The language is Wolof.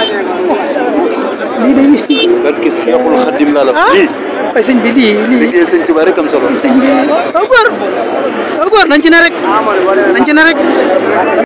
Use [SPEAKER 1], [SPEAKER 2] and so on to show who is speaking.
[SPEAKER 1] lii
[SPEAKER 2] day. barke Seexul Xadim laa la. lii ah sëñ bi lii lii. liggéey sëñ Tuubaa rek am bi
[SPEAKER 3] au góor nañ ci ne rek. nañ ci ne